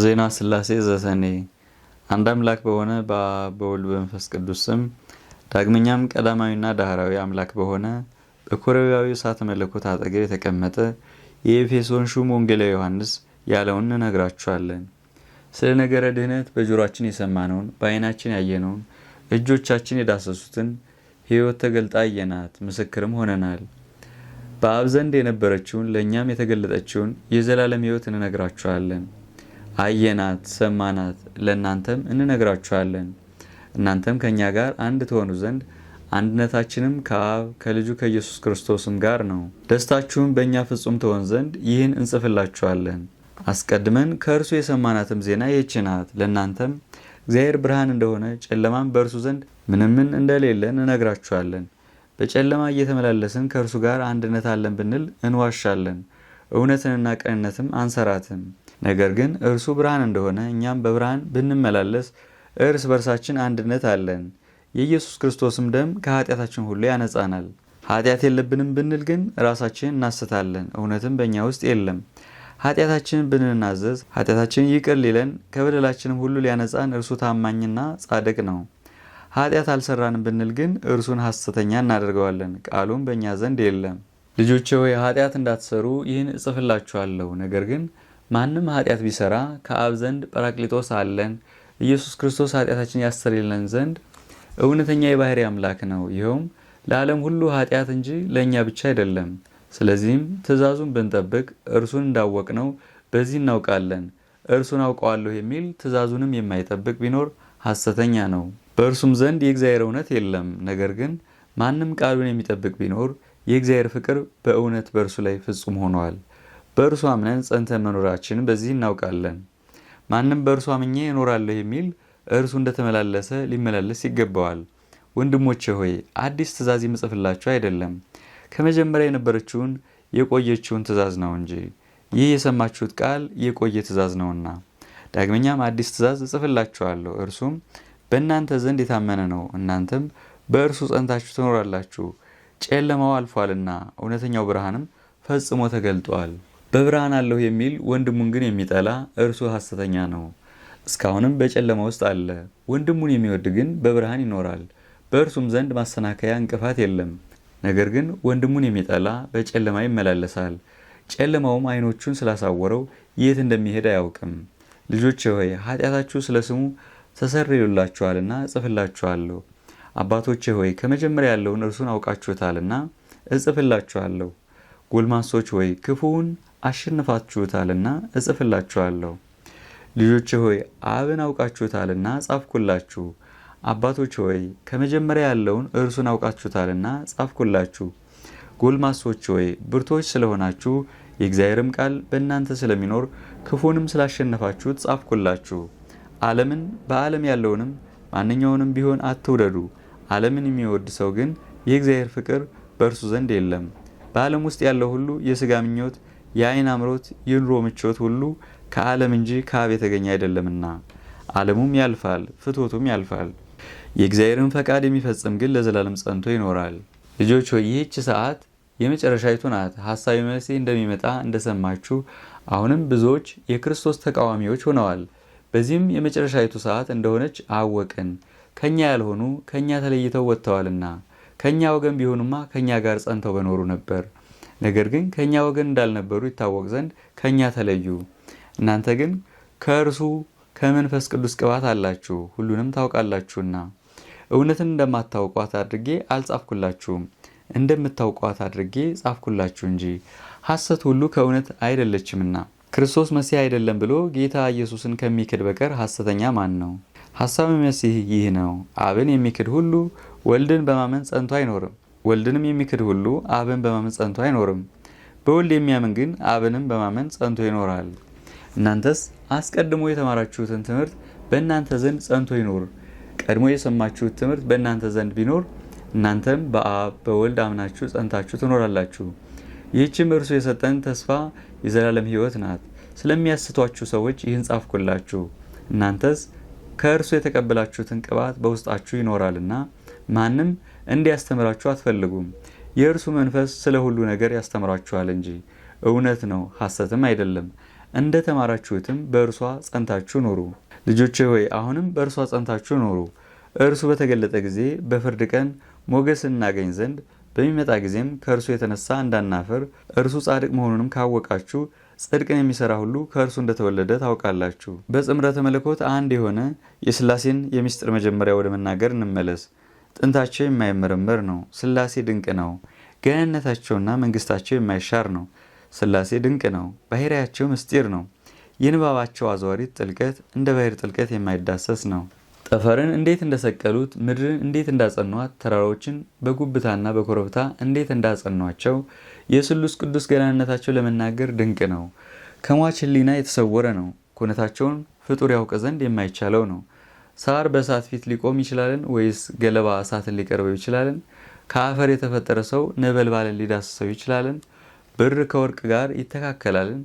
ዜና ስላሴ ዘሰኔ አንድ አምላክ በሆነ በአብ በወልድ በመንፈስ ቅዱስ ስም ዳግመኛም ቀዳማዊና ዳህራዊ አምላክ በሆነ በኮረቢያዊ እሳተ መለኮት አጠገብ የተቀመጠ የኤፌሶን ሹም ወንጌላዊ ዮሐንስ ያለውን እነግራችኋለን። ስለ ነገረ ድህነት በጆሯችን የሰማነውን በዓይናችን ያየነውን እጆቻችን የዳሰሱትን ሕይወት ተገልጣ አየናት፣ ምስክርም ሆነናል። በአብ ዘንድ የነበረችውን ለእኛም የተገለጠችውን የዘላለም ሕይወት እንነግራችኋለን። አየናት፣ ሰማናት፣ ለእናንተም እንነግራችኋለን። እናንተም ከእኛ ጋር አንድ ትሆኑ ዘንድ አንድነታችንም ከአብ ከልጁ ከኢየሱስ ክርስቶስም ጋር ነው። ደስታችሁም በእኛ ፍጹም ትሆን ዘንድ ይህን እንጽፍላችኋለን። አስቀድመን ከእርሱ የሰማናትም ዜና ይህች ናት። ለእናንተም እግዚአብሔር ብርሃን እንደሆነ ጨለማም በእርሱ ዘንድ ምንምን እንደሌለን እነግራችኋለን። በጨለማ እየተመላለስን ከእርሱ ጋር አንድነት አለን ብንል እንዋሻለን፣ እውነትንና ቅንነትም አንሰራትም። ነገር ግን እርሱ ብርሃን እንደሆነ እኛም በብርሃን ብንመላለስ እርስ በርሳችን አንድነት አለን። የኢየሱስ ክርስቶስም ደም ከኃጢአታችን ሁሉ ያነጻናል። ኃጢአት የለብንም ብንል ግን ራሳችን እናስታለን፣ እውነትም በእኛ ውስጥ የለም። ኃጢአታችንን ብንናዘዝ ኃጢአታችን ይቅር ሊለን ከበደላችንም ሁሉ ሊያነጻን እርሱ ታማኝና ጻድቅ ነው። ኃጢአት አልሰራንም ብንል ግን እርሱን ሐሰተኛ እናደርገዋለን፣ ቃሉም በእኛ ዘንድ የለም። ልጆቼ ሆይ ኃጢአት እንዳትሰሩ ይህን እጽፍላችኋለሁ። ነገር ግን ማንም ኃጢአት ቢሰራ ከአብ ዘንድ ጰራቅሊጦስ አለን፣ ኢየሱስ ክርስቶስ ኃጢአታችን ያስተሰርይልን ዘንድ እውነተኛ የባህሪ አምላክ ነው። ይኸውም ለዓለም ሁሉ ኃጢአት እንጂ ለእኛ ብቻ አይደለም። ስለዚህም ትእዛዙን ብንጠብቅ እርሱን እንዳወቅነው በዚህ እናውቃለን። እርሱን አውቀዋለሁ የሚል ትእዛዙንም የማይጠብቅ ቢኖር ሐሰተኛ ነው፣ በእርሱም ዘንድ የእግዚአብሔር እውነት የለም። ነገር ግን ማንም ቃሉን የሚጠብቅ ቢኖር የእግዚአብሔር ፍቅር በእውነት በእርሱ ላይ ፍጹም ሆኗል። በእርሱ አምነን ጸንተን መኖራችንን በዚህ እናውቃለን። ማንም በእርሱ አምኜ እኖራለሁ የሚል እርሱ እንደተመላለሰ ሊመላለስ ይገባዋል። ወንድሞቼ ሆይ አዲስ ትእዛዝ የምጽፍላችሁ አይደለም፣ ከመጀመሪያ የነበረችውን የቆየችውን ትእዛዝ ነው እንጂ ይህ የሰማችሁት ቃል የቆየ ትእዛዝ ነውና። ዳግመኛም አዲስ ትእዛዝ እጽፍላችኋለሁ፣ እርሱም በእናንተ ዘንድ የታመነ ነው፣ እናንተም በእርሱ ጸንታችሁ ትኖራላችሁ። ጨለማው አልፏልና እውነተኛው ብርሃንም ፈጽሞ ተገልጧል። በብርሃን አለሁ የሚል ወንድሙን ግን የሚጠላ እርሱ ሐሰተኛ ነው፣ እስካሁንም በጨለማ ውስጥ አለ። ወንድሙን የሚወድ ግን በብርሃን ይኖራል፣ በእርሱም ዘንድ ማሰናከያ እንቅፋት የለም። ነገር ግን ወንድሙን የሚጠላ በጨለማ ይመላለሳል፣ ጨለማውም ዓይኖቹን ስላሳወረው የት እንደሚሄድ አያውቅም። ልጆች ሆይ ኃጢአታችሁ ስለ ስሙ ተሰርዮላችኋልና እጽፍላችኋለሁ። አባቶቼ ሆይ ከመጀመሪያ ያለውን እርሱን አውቃችሁታልና እጽፍላችኋለሁ። ጎልማሶች ሆይ ክፉውን አሸንፋችሁታልና እጽፍላችኋለሁ። ልጆች ሆይ አብን አውቃችሁታልና ጻፍኩላችሁ። አባቶች ሆይ ከመጀመሪያ ያለውን እርሱን አውቃችሁታልና ጻፍኩላችሁ። ጎልማሶች ሆይ ብርቶች ስለሆናችሁ የእግዚአብሔርም ቃል በእናንተ ስለሚኖር ክፉንም ስላሸነፋችሁት ጻፍኩላችሁ። ዓለምን በዓለም ያለውንም ማንኛውንም ቢሆን አትውደዱ። ዓለምን የሚወድ ሰው ግን የእግዚአብሔር ፍቅር በእርሱ ዘንድ የለም። በዓለም ውስጥ ያለው ሁሉ የሥጋ ምኞት የአይን አምሮት፣ የኑሮ ምቾት ሁሉ ከዓለም እንጂ ከአብ የተገኘ አይደለምና ዓለሙም ያልፋል፣ ፍቶቱም ያልፋል። የእግዚአብሔርን ፈቃድ የሚፈጽም ግን ለዘላለም ጸንቶ ይኖራል። ልጆች ሆይ ይህች ሰዓት የመጨረሻይቱ ናት። ሐሳዊ መሲህ እንደሚመጣ እንደሰማችሁ አሁንም ብዙዎች የክርስቶስ ተቃዋሚዎች ሆነዋል። በዚህም የመጨረሻይቱ ሰዓት እንደሆነች አወቅን። ከኛ ያልሆኑ ከኛ ተለይተው ወጥተዋልና ከእኛ ወገን ቢሆኑማ ከኛ ጋር ጸንተው በኖሩ ነበር። ነገር ግን ከእኛ ወገን እንዳልነበሩ ይታወቅ ዘንድ ከእኛ ተለዩ። እናንተ ግን ከእርሱ ከመንፈስ ቅዱስ ቅባት አላችሁ፣ ሁሉንም ታውቃላችሁና። እውነትን እንደማታውቋት አድርጌ አልጻፍኩላችሁም፣ እንደምታውቋት አድርጌ ጻፍኩላችሁ እንጂ ሐሰት ሁሉ ከእውነት አይደለችምና። ክርስቶስ መሲህ አይደለም ብሎ ጌታ ኢየሱስን ከሚክድ በቀር ሐሰተኛ ማን ነው? ሐሳብ መሲህ ይህ ነው። አብን የሚክድ ሁሉ ወልድን በማመን ጸንቶ አይኖርም። ወልድንም የሚክድ ሁሉ አብን በማመን ጸንቶ አይኖርም። በወልድ የሚያምን ግን አብንም በማመን ጸንቶ ይኖራል። እናንተስ አስቀድሞ የተማራችሁትን ትምህርት በእናንተ ዘንድ ጸንቶ ይኖር። ቀድሞ የሰማችሁት ትምህርት በእናንተ ዘንድ ቢኖር እናንተም በአብ በወልድ አምናችሁ ጸንታችሁ ትኖራላችሁ። ይህችም እርሱ የሰጠን ተስፋ የዘላለም ሕይወት ናት። ስለሚያስቷችሁ ሰዎች ይህን ጻፍኩላችሁ። እናንተስ ከእርሱ የተቀበላችሁትን ቅባት በውስጣችሁ ይኖራልና ማንም እንዲያስተምራችሁ አትፈልጉም። የእርሱ መንፈስ ስለ ሁሉ ነገር ያስተምራችኋል እንጂ እውነት ነው፣ ሐሰትም አይደለም። እንደ ተማራችሁትም በእርሷ ጸንታችሁ ኑሩ። ልጆቼ ሆይ አሁንም በእርሷ ጸንታችሁ ኑሩ። እርሱ በተገለጠ ጊዜ በፍርድ ቀን ሞገስ እናገኝ ዘንድ በሚመጣ ጊዜም ከእርሱ የተነሳ እንዳናፍር እርሱ ጻድቅ መሆኑንም ካወቃችሁ ጽድቅን የሚሰራ ሁሉ ከእርሱ እንደተወለደ ታውቃላችሁ። በጽምረተ መለኮት አንድ የሆነ የስላሴን የሚስጥር መጀመሪያ ወደ መናገር እንመለስ። ጥንታቸው የማይመረመር ነው። ስላሴ ድንቅ ነው። ገናነታቸውና መንግስታቸው የማይሻር ነው። ስላሴ ድንቅ ነው። ባሕርያቸው ምስጢር ነው። የንባባቸው አዘዋሪት ጥልቀት እንደ ባህር ጥልቀት የማይዳሰስ ነው። ጠፈርን እንዴት እንደሰቀሉት፣ ምድርን እንዴት እንዳጸኗት፣ ተራሮችን በጉብታና በኮረብታ እንዴት እንዳጸኗቸው የስሉስ ቅዱስ ገናነታቸው ለመናገር ድንቅ ነው። ከሟች ህሊና የተሰወረ ነው። ኩነታቸውን ፍጡር ያውቅ ዘንድ የማይቻለው ነው። ሳር በእሳት ፊት ሊቆም ይችላልን? ወይስ ገለባ እሳትን ሊቀርበው ይችላልን? ከአፈር የተፈጠረ ሰው ነበልባልን ሊዳስሰው ይችላልን? ብር ከወርቅ ጋር ይተካከላልን?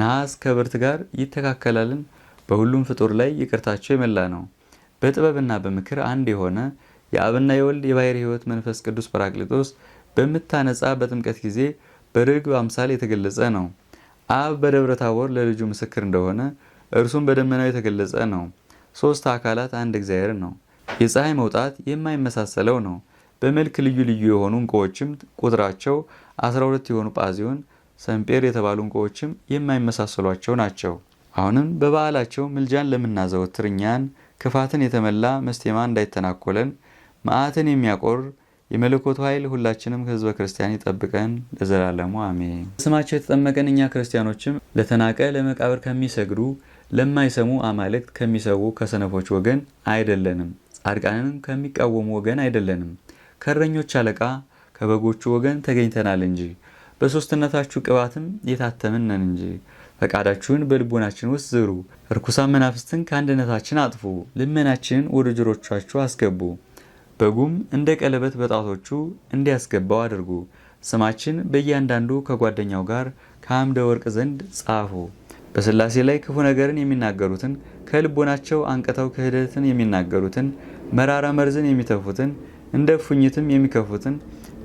ነሐስ ከብርት ጋር ይተካከላልን? በሁሉም ፍጡር ላይ ይቅርታቸው የመላ ነው። በጥበብና በምክር አንድ የሆነ የአብና የወልድ የባሕርይ ሕይወት መንፈስ ቅዱስ ጰራቅሊጦስ በምታነጻ በጥምቀት ጊዜ በርግብ አምሳል የተገለጸ ነው። አብ በደብረ ታቦር ለልጁ ምስክር እንደሆነ እርሱም በደመናው የተገለጸ ነው። ሶስት አካላት አንድ እግዚአብሔር ነው። የፀሐይ መውጣት የማይመሳሰለው ነው። በመልክ ልዩ ልዩ የሆኑ እንቁዎችም ቁጥራቸው 12 የሆኑ ጳዚዮን፣ ሰምጴር የተባሉ እንቁዎችም የማይመሳሰሏቸው ናቸው። አሁንም በበዓላቸው ምልጃን ለምናዘወትር እኛን ክፋትን የተመላ መስቴማ እንዳይተናኮለን መዓትን የሚያቆር የመለኮቱ ኃይል ሁላችንም ከህዝበ ክርስቲያን ይጠብቀን ለዘላለሙ አሜን። ስማቸው የተጠመቀን እኛ ክርስቲያኖችም ለተናቀ ለመቃብር ከሚሰግዱ ለማይሰሙ አማልክት ከሚሰዉ ከሰነፎች ወገን አይደለንም፣ ጻድቃንንም ከሚቃወሙ ወገን አይደለንም፣ ከእረኞች አለቃ ከበጎቹ ወገን ተገኝተናል እንጂ በሦስትነታችሁ ቅባትም የታተምን ነን እንጂ። ፈቃዳችሁን በልቦናችን ውስጥ ዝሩ፣ ርኩሳን መናፍስትን ከአንድነታችን አጥፉ፣ ልመናችንን ወደ ጆሮቻችሁ አስገቡ። በጉም እንደ ቀለበት በጣቶቹ እንዲያስገባው አድርጉ። ስማችን በእያንዳንዱ ከጓደኛው ጋር ከአምደ ወርቅ ዘንድ ጻፉ። በስላሴ ላይ ክፉ ነገርን የሚናገሩትን ከልቦናቸው አንቅተው ክህደትን የሚናገሩትን መራራ መርዝን የሚተፉትን እንደ ፉኝትም የሚከፉትን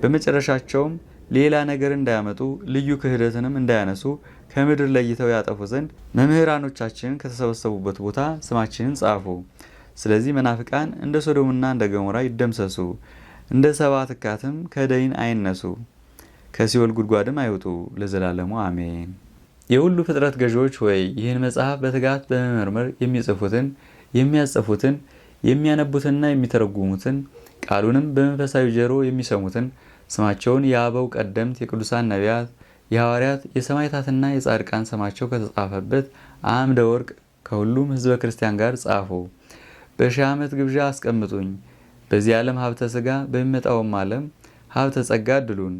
በመጨረሻቸውም ሌላ ነገር እንዳያመጡ ልዩ ክህደትንም እንዳያነሱ ከምድር ለይተው ያጠፉ ዘንድ መምህራኖቻችን ከተሰበሰቡበት ቦታ ስማችንን ጻፉ። ስለዚህ መናፍቃን እንደ ሶዶምና እንደ ገሞራ ይደምሰሱ፣ እንደ ሰባ ትካትም ከደይን አይነሱ፣ ከሲኦል ጉድጓድም አይውጡ ለዘላለሙ አሜን። የሁሉ ፍጥረት ገዢዎች ወይ ይህን መጽሐፍ በትጋት በመመርመር የሚጽፉትን የሚያጽፉትን የሚያነቡትንና የሚተረጉሙትን ቃሉንም በመንፈሳዊ ጆሮ የሚሰሙትን ስማቸውን የአበው ቀደምት የቅዱሳን ነቢያት፣ የሐዋርያት፣ የሰማዕታትና የጻድቃን ስማቸው ከተጻፈበት አምደ ወርቅ ከሁሉም ሕዝበ ክርስቲያን ጋር ጻፉ። በሺህ ዓመት ግብዣ አስቀምጡኝ። በዚህ ዓለም ሀብተ ሥጋ በሚመጣውም ዓለም ሀብተ ጸጋ አድሉን።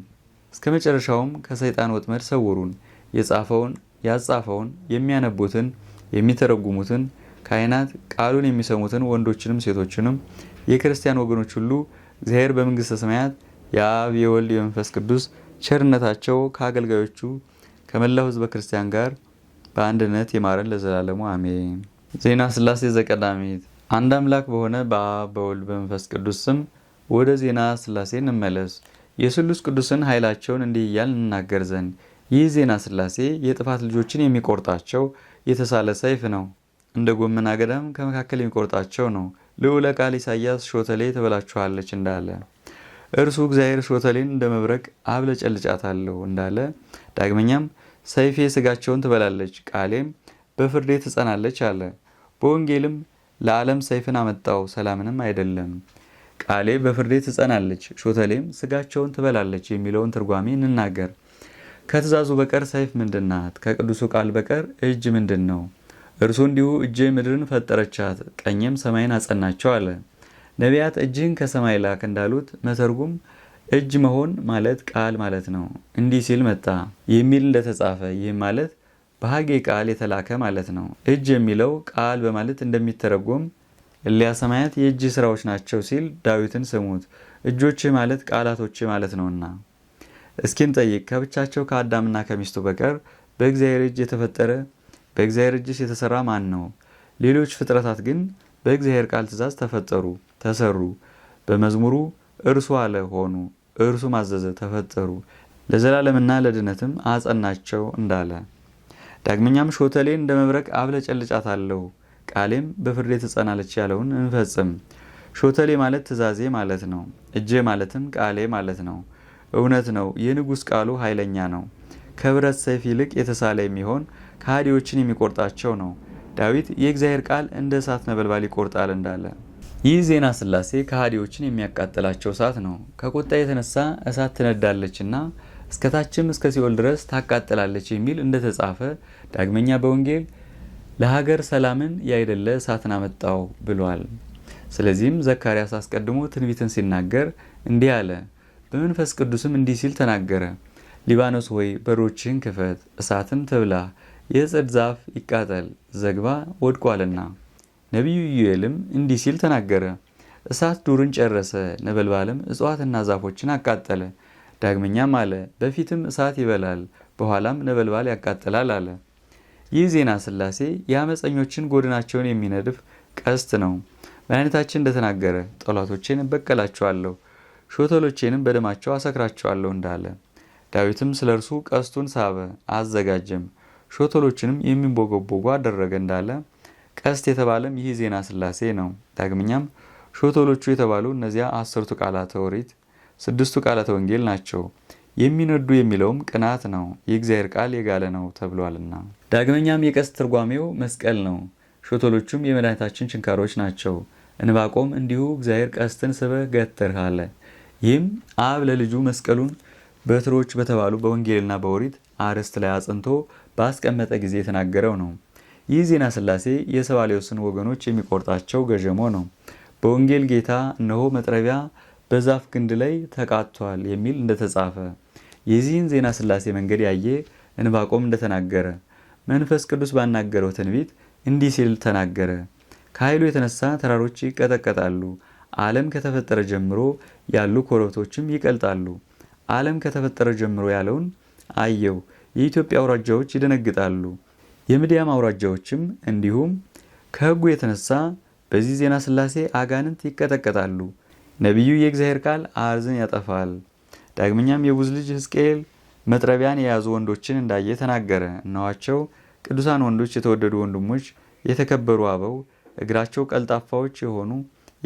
እስከ መጨረሻውም ከሰይጣን ወጥመድ ሰውሩን። የጻፈውን ያጻፈውን የሚያነቡትን የሚተረጉሙትን ካህናት ቃሉን የሚሰሙትን ወንዶችንም ሴቶችንም የክርስቲያን ወገኖች ሁሉ እግዚአብሔር በመንግሥተ ሰማያት የአብ የወልድ የመንፈስ ቅዱስ ቸርነታቸው ከአገልጋዮቹ ከመላው ህዝበ ክርስቲያን ጋር በአንድነት ይማረን ለዘላለሙ አሜን። ዜና ስላሴ ዘቀዳሚት። አንድ አምላክ በሆነ በአብ በወልድ በመንፈስ ቅዱስ ስም ወደ ዜና ስላሴ እንመለስ። የስሉስ ቅዱስን ኃይላቸውን እንዲህ እያል እንናገር ዘንድ ይህ ዜና ስላሴ የጥፋት ልጆችን የሚቆርጣቸው የተሳለ ሰይፍ ነው። እንደ ጎመና ገዳም ከመካከል የሚቆርጣቸው ነው። ልዑለ ቃል ኢሳያስ ሾተሌ ትበላችኋለች እንዳለ እርሱ እግዚአብሔር ሾተሌን እንደ መብረቅ አብለጨልጫታለሁ እንዳለ ዳግመኛም ሰይፌ ስጋቸውን ትበላለች፣ ቃሌም በፍርዴ ትጸናለች አለ። በወንጌልም ለዓለም ሰይፍን አመጣው ሰላምንም አይደለም። ቃሌ በፍርዴ ትጸናለች፣ ሾተሌም ስጋቸውን ትበላለች የሚለውን ትርጓሜ እንናገር። ከትእዛዙ በቀር ሰይፍ ምንድናት? ከቅዱሱ ቃል በቀር እጅ ምንድን ነው? እርሱ እንዲሁ እጄ ምድርን ፈጠረቻት፣ ቀኝም ሰማይን አጸናቸው አለ። ነቢያት እጅህን ከሰማይ ላክ እንዳሉት መተርጉም እጅ መሆን ማለት ቃል ማለት ነው። እንዲህ ሲል መጣ የሚል እንደተጻፈ ይህም ማለት በሀጌ ቃል የተላከ ማለት ነው። እጅ የሚለው ቃል በማለት እንደሚተረጎም እሊያ ሰማያት የእጅ ስራዎች ናቸው ሲል ዳዊትን ስሙት፣ እጆች ማለት ቃላቶች ማለት ነውና እስኪም ጠይቅ ከብቻቸው ከአዳምና ከሚስቱ በቀር በእግዚአብሔር እጅ የተፈጠረ በእግዚአብሔር እጅስ የተሰራ ማን ነው? ሌሎች ፍጥረታት ግን በእግዚአብሔር ቃል ትእዛዝ ተፈጠሩ፣ ተሰሩ። በመዝሙሩ እርሱ አለ ሆኑ፣ እርሱ ማዘዘ ተፈጠሩ፣ ለዘላለምና ለድነትም አጸናቸው እንዳለ ዳግመኛም ሾተሌን እንደ መብረቅ አለው ቃሌም በፍርዴ ትጸናለች ያለውን እንፈጽም። ሾተሌ ማለት ትእዛዜ ማለት ነው። እጄ ማለትም ቃሌ ማለት ነው። እውነት ነው፣ የንጉሥ ቃሉ ኃይለኛ ነው፣ ከብረት ሰይፍ ይልቅ የተሳለ የሚሆን ከሃዲዎችን የሚቆርጣቸው ነው። ዳዊት የእግዚአብሔር ቃል እንደ እሳት ነበልባል ይቆርጣል እንዳለ ይህ ዜና ስላሴ ከሃዲዎችን የሚያቃጥላቸው እሳት ነው። ከቁጣ የተነሳ እሳት ትነዳለችና እስከታችም እስከ ሲኦል ድረስ ታቃጥላለች የሚል እንደተጻፈ ዳግመኛ በወንጌል ለሀገር ሰላምን ያይደለ እሳትን አመጣው ብሏል። ስለዚህም ዘካርያስ አስቀድሞ ትንቢትን ሲናገር እንዲህ አለ በመንፈስ ቅዱስም እንዲህ ሲል ተናገረ። ሊባኖስ ሆይ በሮችህን ክፈት፣ እሳትም ትብላ፣ የጽድ ዛፍ ይቃጠል፣ ዘግባ ወድቋልና። ነቢዩ ኢዩኤልም እንዲህ ሲል ተናገረ። እሳት ዱርን ጨረሰ፣ ነበልባልም እጽዋትና ዛፎችን አቃጠለ። ዳግመኛም አለ፣ በፊትም እሳት ይበላል፣ በኋላም ነበልባል ያቃጥላል አለ። ይህ ዜና ስላሴ የአመፀኞችን ጎድናቸውን የሚነድፍ ቀስት ነው። መድኃኒታችን እንደተናገረ ጠላቶቼን እበቀላቸዋለሁ ሾተሎቼንም በደማቸው አሰክራቸዋለሁ እንዳለ ዳዊትም ስለ እርሱ ቀስቱን ሳበ አዘጋጀም፣ ሾተሎችንም የሚንቦገቦጉ አደረገ እንዳለ ቀስት የተባለም ይህ ዜና ስላሴ ነው። ዳግመኛም ሾተሎቹ የተባሉ እነዚያ አስርቱ ቃላተ ኦሪት፣ ስድስቱ ቃላተ ወንጌል ናቸው። የሚነዱ የሚለውም ቅናት ነው፣ የእግዚአብሔር ቃል የጋለ ነው ተብሏልና። ዳግመኛም የቀስት ትርጓሜው መስቀል ነው። ሾተሎቹም የመድኃኒታችን ችንካሮች ናቸው። እንባቆም እንዲሁ እግዚአብሔር ቀስትን ስበህ ገትርህ አለ። ይህም አብ ለልጁ መስቀሉን በትሮች በተባሉ በወንጌልና በኦሪት አርዕስት ላይ አጽንቶ ባስቀመጠ ጊዜ የተናገረው ነው። ይህ ዜና ስላሴ የሰባሌዎስን ወገኖች የሚቆርጣቸው ገዠሞ ነው። በወንጌል ጌታ እነሆ መጥረቢያ በዛፍ ግንድ ላይ ተቃጥቷል የሚል እንደተጻፈ የዚህን ዜና ስላሴ መንገድ ያየ እንባቆም እንደተናገረ መንፈስ ቅዱስ ባናገረው ትንቢት እንዲህ ሲል ተናገረ። ከኃይሉ የተነሳ ተራሮች ይቀጠቀጣሉ። ዓለም ከተፈጠረ ጀምሮ ያሉ ኮረብቶችም ይቀልጣሉ። ዓለም ከተፈጠረ ጀምሮ ያለውን አየው። የኢትዮጵያ አውራጃዎች ይደነግጣሉ። የምድያም አውራጃዎችም እንዲሁም ከህጉ የተነሳ በዚህ ዜና ስላሴ አጋንንት ይቀጠቀጣሉ። ነቢዩ የእግዚአብሔር ቃል አርዝን ያጠፋል። ዳግመኛም የቡዝ ልጅ ሕዝቅኤል መጥረቢያን የያዙ ወንዶችን እንዳየ ተናገረ። እነኋቸው ቅዱሳን ወንዶች፣ የተወደዱ ወንድሞች፣ የተከበሩ አበው፣ እግራቸው ቀልጣፋዎች የሆኑ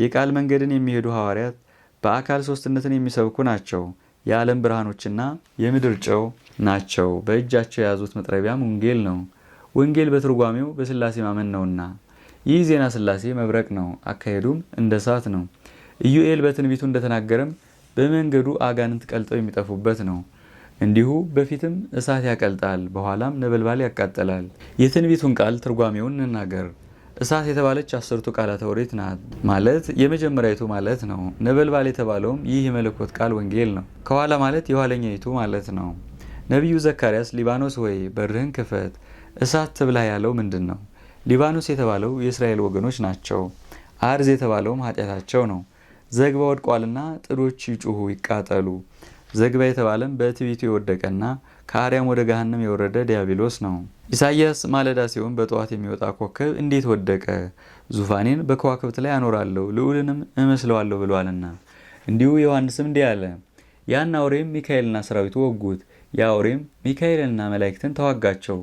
የቃል መንገድን የሚሄዱ ሐዋርያት በአካል ሶስትነትን የሚሰብኩ ናቸው። የዓለም ብርሃኖችና የምድር ጨው ናቸው። በእጃቸው የያዙት መጥረቢያም ወንጌል ነው። ወንጌል በትርጓሜው በስላሴ ማመን ነውና፣ ይህ ዜና ስላሴ መብረቅ ነው። አካሄዱም እንደ እሳት ነው። ኢዩኤል በትንቢቱ እንደተናገረም በመንገዱ አጋንንት ቀልጠው የሚጠፉበት ነው። እንዲሁ በፊትም እሳት ያቀልጣል፣ በኋላም ነበልባል ያቃጠላል። የትንቢቱን ቃል ትርጓሜውን እንናገር። እሳት የተባለች አስርቱ ቃላተ ኦሪት ናት ማለት የመጀመሪያይቱ ማለት ነው። ነበልባል የተባለውም ይህ የመለኮት ቃል ወንጌል ነው። ከኋላ ማለት የኋለኛይቱ ማለት ነው። ነቢዩ ዘካርያስ ሊባኖስ ወይ በርህን ክፈት እሳት ትብላ ያለው ምንድን ነው? ሊባኖስ የተባለው የእስራኤል ወገኖች ናቸው። አርዝ የተባለውም ኃጢአታቸው ነው። ዘግባ ወድቋልና ጥዶች ይጩሁ ይቃጠሉ። ዘግባ የተባለም በትቢቱ የወደቀና ከአርያም ወደ ገሃነም የወረደ ዲያብሎስ ነው። ኢሳይያስ ማለዳ ሲሆን በጠዋት የሚወጣ ኮከብ እንዴት ወደቀ፣ ዙፋኔን በከዋክብት ላይ አኖራለሁ ልዑልንም እመስለዋለሁ ብሏልና። እንዲሁ ዮሐንስም እንዲህ አለ፣ ያን አውሬም ሚካኤልና ሰራዊቱ ወጉት። የአውሬም ሚካኤልና መላእክትን ተዋጋቸው፣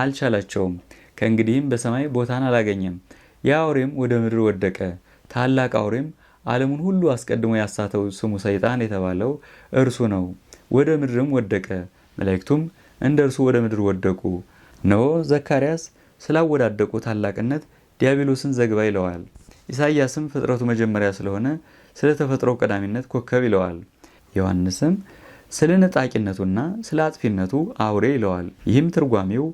አልቻላቸውም። ከእንግዲህም በሰማይ ቦታን አላገኘም። የአውሬም ወደ ምድር ወደቀ። ታላቅ አውሬም ዓለሙን ሁሉ አስቀድሞ ያሳተው ስሙ ሰይጣን የተባለው እርሱ ነው። ወደ ምድርም ወደቀ መላእክቱም እንደ እርሱ ወደ ምድር ወደቁ። እነሆ ዘካርያስ ስላወዳደቁ ታላቅነት ዲያብሎስን ዘግባ ይለዋል። ኢሳይያስም ፍጥረቱ መጀመሪያ ስለሆነ ስለ ተፈጥሮ ቀዳሚነት ኮከብ ይለዋል። ዮሐንስም ስለ ነጣቂነቱና ስለ አጥፊነቱ አውሬ ይለዋል። ይህም ትርጓሜው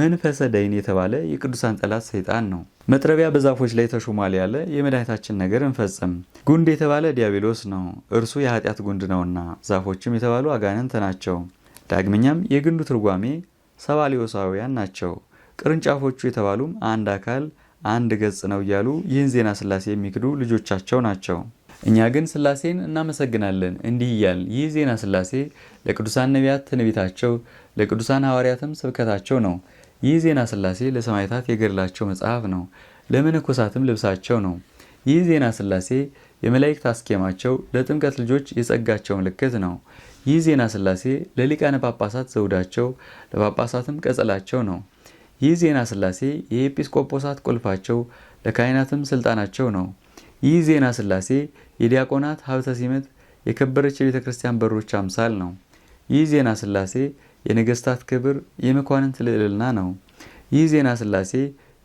መንፈሰ ደይን የተባለ የቅዱሳን ጠላት ሰይጣን ነው። መጥረቢያ በዛፎች ላይ ተሾሟል ያለ የመድኃኒታችን ነገር እንፈጽም። ጉንድ የተባለ ዲያብሎስ ነው፣ እርሱ የኃጢአት ጉንድ ነውና። ዛፎችም የተባሉ አጋንንት ናቸው። ዳግመኛም የግንዱ ትርጓሜ ሰባሊዮሳውያን ናቸው ቅርንጫፎቹ የተባሉም አንድ አካል አንድ ገጽ ነው እያሉ ይህን ዜና ስላሴ የሚክዱ ልጆቻቸው ናቸው። እኛ ግን ስላሴን እናመሰግናለን እንዲህ እያል ይህ ዜና ስላሴ ለቅዱሳን ነቢያት ትንቢታቸው፣ ለቅዱሳን ሐዋርያትም ስብከታቸው ነው። ይህ ዜና ስላሴ ለሰማዕታት የገድላቸው መጽሐፍ ነው። ለመነኮሳትም ልብሳቸው ነው። ይህ ዜና ስላሴ የመላእክት አስኬማቸው፣ ለጥምቀት ልጆች የጸጋቸው ምልክት ነው። ይህ ዜና ስላሴ ለሊቃነ ጳጳሳት ዘውዳቸው ለጳጳሳትም ቀጸላቸው ነው። ይህ ዜና ስላሴ የኤጲስቆጶሳት ቁልፋቸው ለካህናትም ስልጣናቸው ነው። ይህ ዜና ስላሴ የዲያቆናት ሀብተ ሲመት የከበረች የቤተ ክርስቲያን በሮች አምሳል ነው። ይህ ዜና ስላሴ የነገስታት ክብር የመኳንንት ልዕልና ነው። ይህ ዜና ስላሴ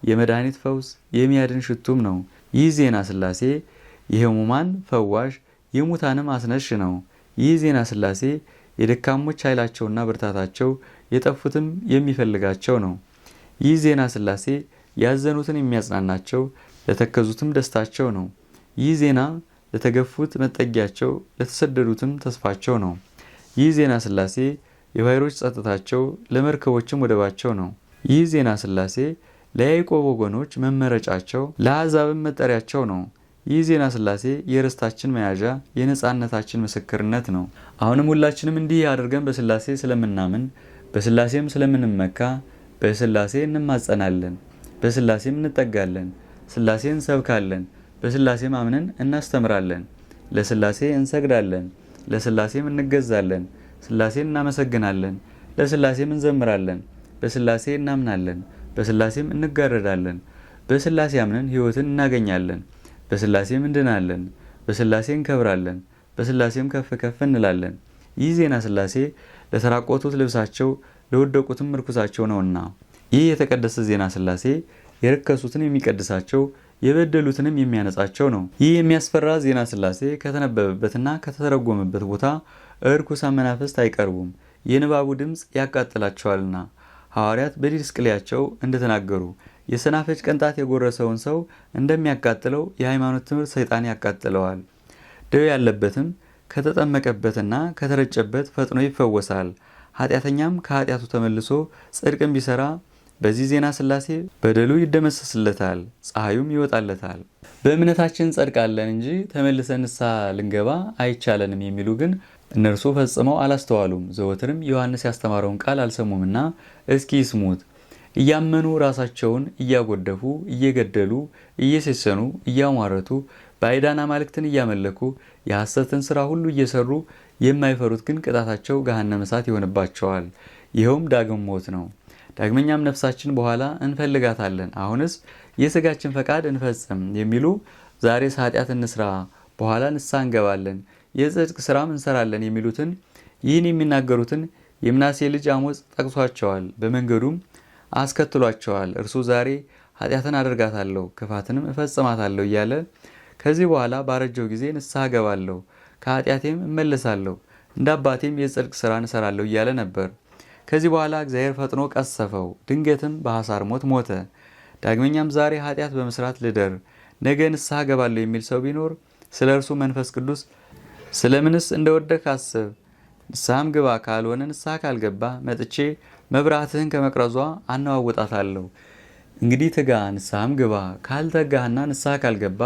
የመድኃኒት ፈውስ የሚያድን ሽቱም ነው። ይህ ዜና ስላሴ የህሙማን ፈዋሽ የሙታንም አስነሽ ነው። ይህ ዜና ስላሴ የደካሞች ኃይላቸውና ብርታታቸው የጠፉትም የሚፈልጋቸው ነው። ይህ ዜና ስላሴ ያዘኑትን የሚያጽናናቸው ለተከዙትም ደስታቸው ነው። ይህ ዜና ለተገፉት መጠጊያቸው፣ ለተሰደዱትም ተስፋቸው ነው። ይህ ዜና ስላሴ የባሕሮች ጸጥታቸው፣ ለመርከቦችም ወደባቸው ነው። ይህ ዜና ስላሴ ለያዕቆብ ወገኖች መመረጫቸው፣ ለአሕዛብም መጠሪያቸው ነው። ይህ ዜና ስላሴ የርስታችን መያዣ የነፃነታችን ምስክርነት ነው። አሁንም ሁላችንም እንዲህ አድርገን በስላሴ ስለምናምን በስላሴም ስለምንመካ በስላሴ እንማጸናለን፣ በስላሴም እንጠጋለን፣ ስላሴ እንሰብካለን፣ በስላሴም አምነን እናስተምራለን፣ ለስላሴ እንሰግዳለን፣ ለስላሴም እንገዛለን፣ ስላሴ እናመሰግናለን፣ ለስላሴም እንዘምራለን፣ በስላሴ እናምናለን፣ በስላሴም እንጋረዳለን፣ በስላሴ አምነን ሕይወትን እናገኛለን። በስላሴም እንድናለን፣ በስላሴ እንከብራለን፣ በስላሴም ከፍ ከፍ እንላለን። ይህ ዜና ስላሴ ለተራቆቱት ልብሳቸው ለወደቁትም ምርኩሳቸው ነውና። ይህ የተቀደሰ ዜና ስላሴ የረከሱትን የሚቀድሳቸው የበደሉትንም የሚያነጻቸው ነው። ይህ የሚያስፈራ ዜና ስላሴ ከተነበበበትና ከተተረጎመበት ቦታ እርኩሳ መናፍስት አይቀርቡም፣ የንባቡ ድምፅ ያቃጥላቸዋልና ሐዋርያት በዲድስቅልያቸው እንደተናገሩ የሰናፍጭ ቅንጣት የጎረሰውን ሰው እንደሚያቃጥለው የሃይማኖት ትምህርት ሰይጣን ያቃጥለዋል። ደዌ ያለበትም ከተጠመቀበትና ከተረጨበት ፈጥኖ ይፈወሳል። ኃጢአተኛም ከኃጢአቱ ተመልሶ ጽድቅን ቢሰራ በዚህ ዜና ስላሴ በደሉ ይደመሰስለታል፣ ፀሐዩም ይወጣለታል። በእምነታችን ጸድቃለን እንጂ ተመልሰን ንስሐ ልንገባ አይቻለንም የሚሉ ግን እነርሱ ፈጽመው አላስተዋሉም። ዘወትርም ዮሐንስ ያስተማረውን ቃል አልሰሙምና እስኪ ይስሙት። እያመኑ ራሳቸውን እያጎደፉ እየገደሉ እየሴሰኑ እያሟረቱ ባዕዳን አማልክትን እያመለኩ የሐሰትን ሥራ ሁሉ እየሰሩ የማይፈሩት ግን ቅጣታቸው ገሃነመ እሳት ይሆንባቸዋል። ይኸውም ዳግም ሞት ነው። ዳግመኛም ነፍሳችን በኋላ እንፈልጋታለን፣ አሁንስ የሥጋችን ፈቃድ እንፈጽም የሚሉ ዛሬ ኃጢአት እንስራ፣ በኋላ ንስሐ እንገባለን፣ የጽድቅ ሥራም እንሰራለን የሚሉትን ይህን የሚናገሩትን የምናሴ ልጅ አሞጽ ጠቅሷቸዋል። በመንገዱም አስከትሏቸዋል። እርሱ ዛሬ ኃጢአትን አደርጋታለሁ ክፋትንም እፈጽማታለሁ እያለ ከዚህ በኋላ ባረጀው ጊዜ ንስሐ ገባለሁ ከኃጢአቴም እመለሳለሁ እንደ አባቴም የጽድቅ ሥራን እንሰራለሁ እያለ ነበር። ከዚህ በኋላ እግዚአብሔር ፈጥኖ ቀሰፈው፣ ድንገትም በሐሳር ሞት ሞተ። ዳግመኛም ዛሬ ኃጢአት በመስራት ልደር፣ ነገ ንስሐ ገባለሁ የሚል ሰው ቢኖር ስለ እርሱ መንፈስ ቅዱስ ስለምንስ እንደወደክ አስብ፣ ንስሐም ግባ፣ ካልሆነ ንስሐ ካልገባ መጥቼ መብራትህን ከመቅረዟ አነዋወጣታለሁ እንግዲህ ትጋ፣ ንስሐም ግባ። ካልተጋህና ንስሐ ካልገባ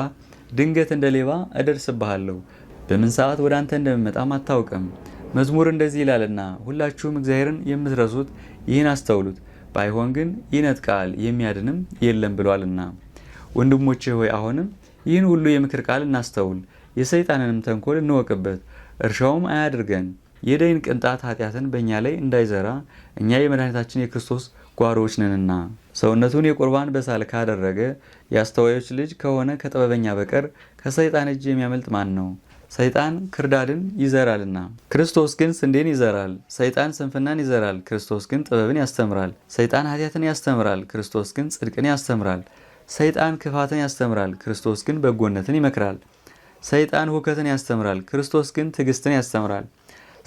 ድንገት እንደ ሌባ እደርስብሃለሁ። በምን ሰዓት ወደ አንተ እንደምመጣም አታውቅም። መዝሙር እንደዚህ ይላልና ሁላችሁም እግዚአብሔርን የምትረሱት ይህን አስተውሉት፣ ባይሆን ግን ይነጥቃል የሚያድንም የለም ብሏልና። ወንድሞቼ ሆይ አሁንም ይህን ሁሉ የምክር ቃል እናስተውል፣ የሰይጣንንም ተንኮል እንወቅበት፣ እርሻውም አያድርገን። የደይን ቅንጣት ኃጢአትን በእኛ ላይ እንዳይዘራ እኛ የመድኃኒታችን የክርስቶስ ጓሮዎች ነንና ሰውነቱን የቁርባን በሳል ካደረገ የአስተዋዮች ልጅ ከሆነ ከጥበበኛ በቀር ከሰይጣን እጅ የሚያመልጥ ማን ነው? ሰይጣን ክርዳድን ይዘራልና ክርስቶስ ግን ስንዴን ይዘራል። ሰይጣን ስንፍናን ይዘራል፣ ክርስቶስ ግን ጥበብን ያስተምራል። ሰይጣን ኃጢአትን ያስተምራል፣ ክርስቶስ ግን ጽድቅን ያስተምራል። ሰይጣን ክፋትን ያስተምራል፣ ክርስቶስ ግን በጎነትን ይመክራል። ሰይጣን ሁከትን ያስተምራል፣ ክርስቶስ ግን ትዕግስትን ያስተምራል።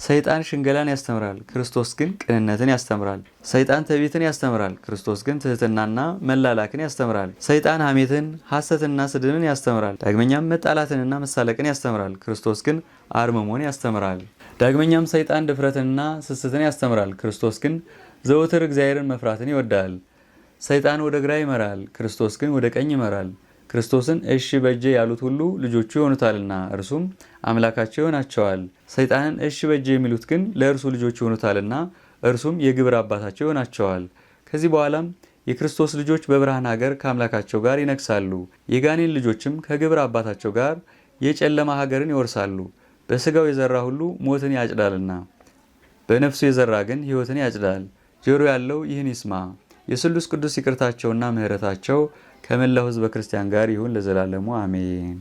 ሰይጣን ሽንገላን ያስተምራል፣ ክርስቶስ ግን ቅንነትን ያስተምራል። ሰይጣን ትዕቢትን ያስተምራል፣ ክርስቶስ ግን ትህትናና መላላክን ያስተምራል። ሰይጣን ሐሜትን፣ ሐሰትና ስድብን ያስተምራል። ዳግመኛም መጣላትንና መሳለቅን ያስተምራል፣ ክርስቶስ ግን አርምሞን ያስተምራል። ዳግመኛም ሰይጣን ድፍረትንና ስስትን ያስተምራል፣ ክርስቶስ ግን ዘውትር እግዚአብሔርን መፍራትን ይወዳል። ሰይጣን ወደ ግራ ይመራል፣ ክርስቶስ ግን ወደ ቀኝ ይመራል። ክርስቶስን እሺ በጄ ያሉት ሁሉ ልጆቹ ይሆኑታልና እርሱም አምላካቸው ይሆናቸዋል። ሰይጣንን እሺ በጄ የሚሉት ግን ለእርሱ ልጆቹ ይሆኑታልና እርሱም የግብር አባታቸው ይሆናቸዋል። ከዚህ በኋላም የክርስቶስ ልጆች በብርሃን ሀገር ከአምላካቸው ጋር ይነግሳሉ። የጋኔን ልጆችም ከግብር አባታቸው ጋር የጨለማ ሀገርን ይወርሳሉ። በስጋው የዘራ ሁሉ ሞትን ያጭዳልና በነፍሱ የዘራ ግን ሕይወትን ያጭዳል። ጆሮ ያለው ይህን ይስማ። የስሉስ ቅዱስ ይቅርታቸውና ምሕረታቸው ከመላው ህዝበ ክርስቲያን ጋር ይሁን ለዘላለሙ አሜን።